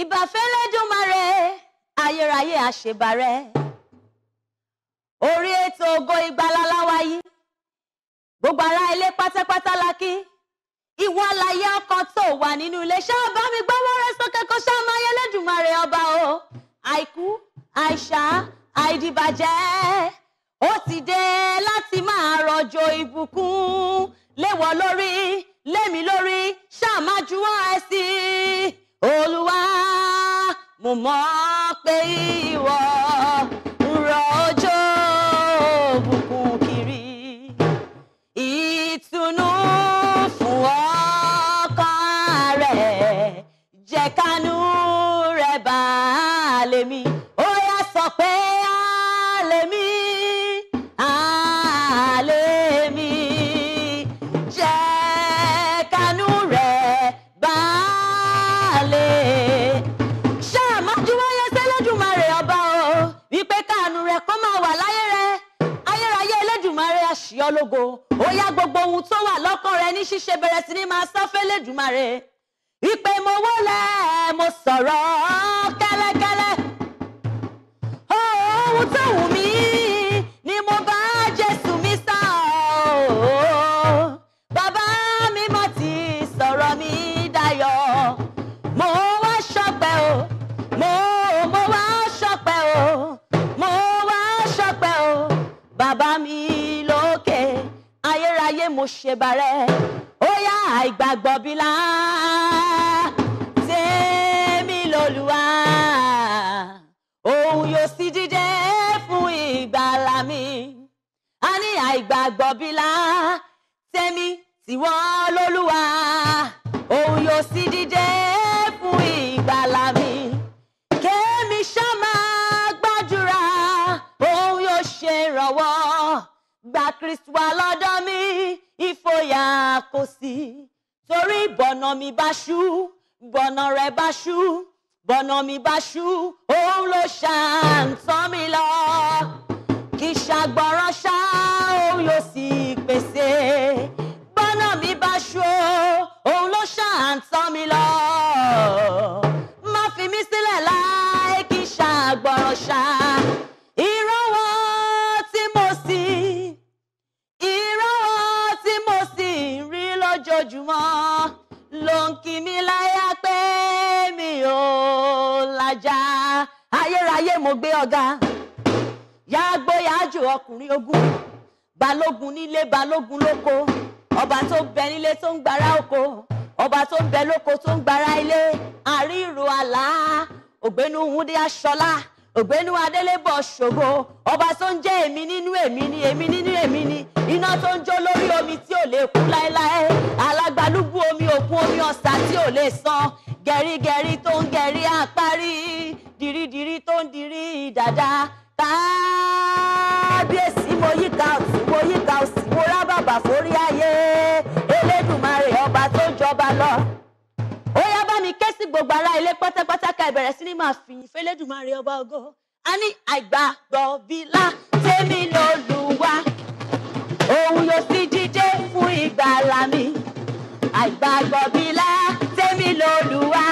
ìbàfẹ́ lẹ́dùnmarè ayérayé àṣebàrẹ́ orí ètò ògo ìgbàlà la wà yìí gbogbo ará ilé pátápátá la kí ìwọ alààyè ọkàn tó wà nínú ilé ṣáà bá mi gbọ́wọ́ rẹ sókè kó ṣáà máa yẹ lẹ́dùnmarè ọba o àìkú àìṣá àìdìbàjẹ́ ó ti dé láti máa rọ̀jò ìbùkún léwọ lórí lémi lórí ṣáà máa juwọ́ ẹ sí i olúwa mo mọ̀ pé ìwọ ń rọ̀ òjò kiri ìtùnú fún ọkàn rẹ jẹ́ kánú rẹ bá lèmi ó yá sọ pé á lèmi. rẹ̀ kó máa wà láyé rẹ ayérayé Elédùmarè àṣìyọlógo ó yá gbogbo ohun tó wà lọ́kàn rẹ ní ṣíṣe bẹ̀rẹ̀ sí ni máa sọ fún Elédùmarè ìpè mo wólẹ̀ mo sọ̀rọ̀ kẹ́lẹ́kẹ́lẹ́ ohun tó wù mí. bàbá mi lókè ayérayé mo ṣe bàrẹ ó yá àìgbàgbọ́ bí lá tèmi lòlùwà òun yóò sì dìde fún ìgbàlà mi a ní àìgbàgbọ́ bí lá tèmi tiwọ́ lòlùwà òun yóò sì dìde fún ìgbàlà mi kémi ṣá máa gbàdúrà òun yóò ṣe ìrànwọ́. Kristi wà lọ́dọ̀ mi ìfòyà kò sí torí bọ̀nà mi bá ṣú bọ̀nà rẹ̀ bá ṣú bọ̀nà mi bá ṣú òun ló ṣàǹtọ́ mi lọ kì í ṣàgbọ́ràn lójoojúmọ́ ló ń kí mi láyà pé mi ò làjà ayérayé mo gbé ọ̀gá yàgbóyàjò ọkùnrin ogun balógun nílé balógun lóko ọba tó ń bẹ nílé tó ń gbára oko ọba tó ń bẹ lóko tó ń gbára ilé àrírò àlá ògbénu wúndé aṣọlá ògbénú adélébọ̀ ṣògo ọba tó ń jẹ́ èmi nínú èmi ni èmi nínú èmi ni iná tó ń jó lórí omi tí ò lè kú láéláé alágbálúgbú omi òkun omi ọ̀sà tí ò lè san gẹ̀rígẹ̀rí tó ń gẹ̀rí àparí dìrídìrí tó ń dirí dàda táà. gbogbo ará ilé pátápátá ká ìbẹ̀rẹ̀ sí ni máa fìyìn fẹ́lẹ́dùmarè ọba ògo a ní àìgbàgbọ́bílà tèmi lolúwa òun yóò sì jíjẹ́ fún ìgbàlà mi àìgbàgbọ́bílà tèmi lolúwa.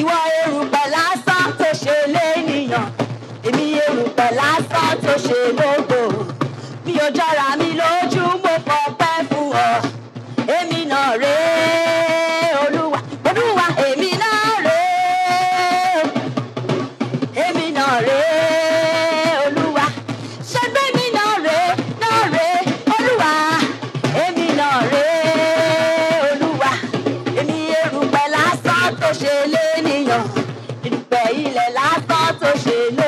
ìwọ erùpẹ̀ lásán tó ṣe lẹ́nìyàn èmi erùpẹ̀ lásán tó ṣe lógo mi ò jọra mi Yeah.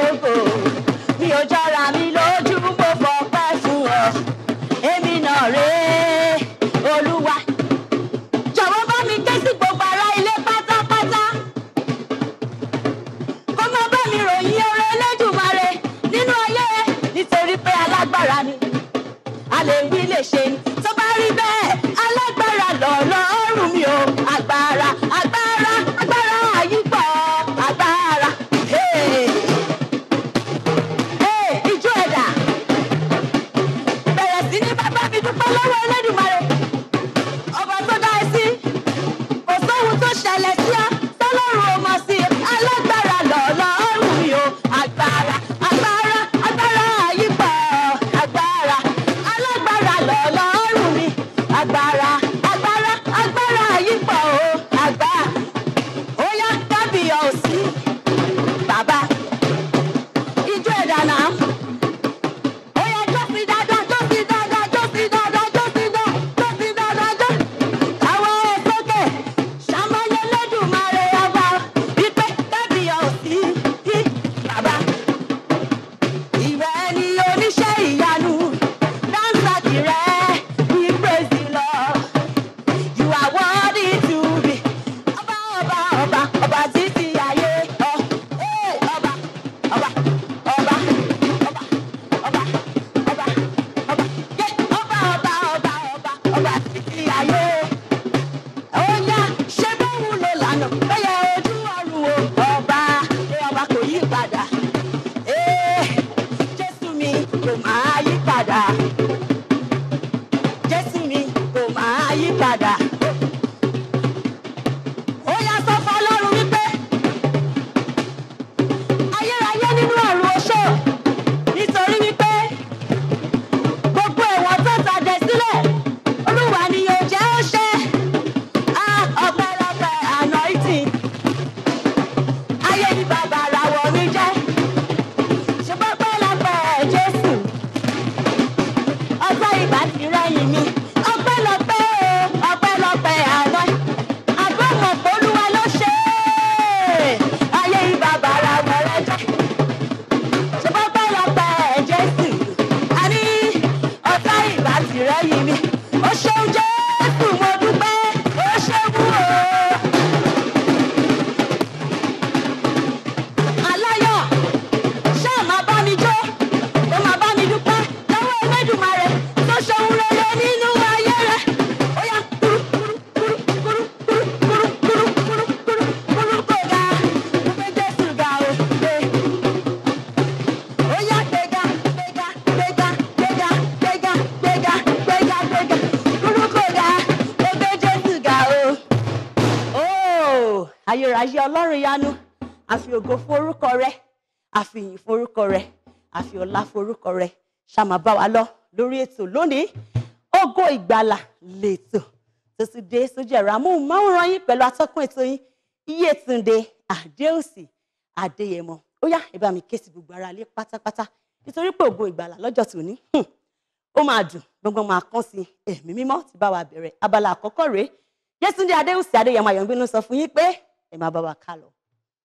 ayípadà. ìráyé ọlọ́run yanu àfi ògo forúkọ rẹ àfi ìyìn forúkọ rẹ àfi ọlá forúkọ rẹ ṣàmà bá wa lọ lórí ètò lónìí ògo ìgbàlà lètò tó ti dé sójú ẹ̀rọ amóhùnmáwòrán yín pẹ̀lú atọ́kùn ètò yín Yétúndé Adéòsì Adéyẹmọ ó yá ẹ mi ké sí gbogbo ara lé pátápátá nítorí pé ògo ìgbàlà lọ́jọ́ tòní ó máa dùn gbọ́ngbọ́n máa kán sí ẹ̀mí mímọ́ ti bá wa bẹ̀rẹ̀ abala àkọ́kọ́ rèé Yétúndé Adéòsì Adéyẹmọ Àyọ̀ngbínú sọ fún yín pé Emma Babakalo.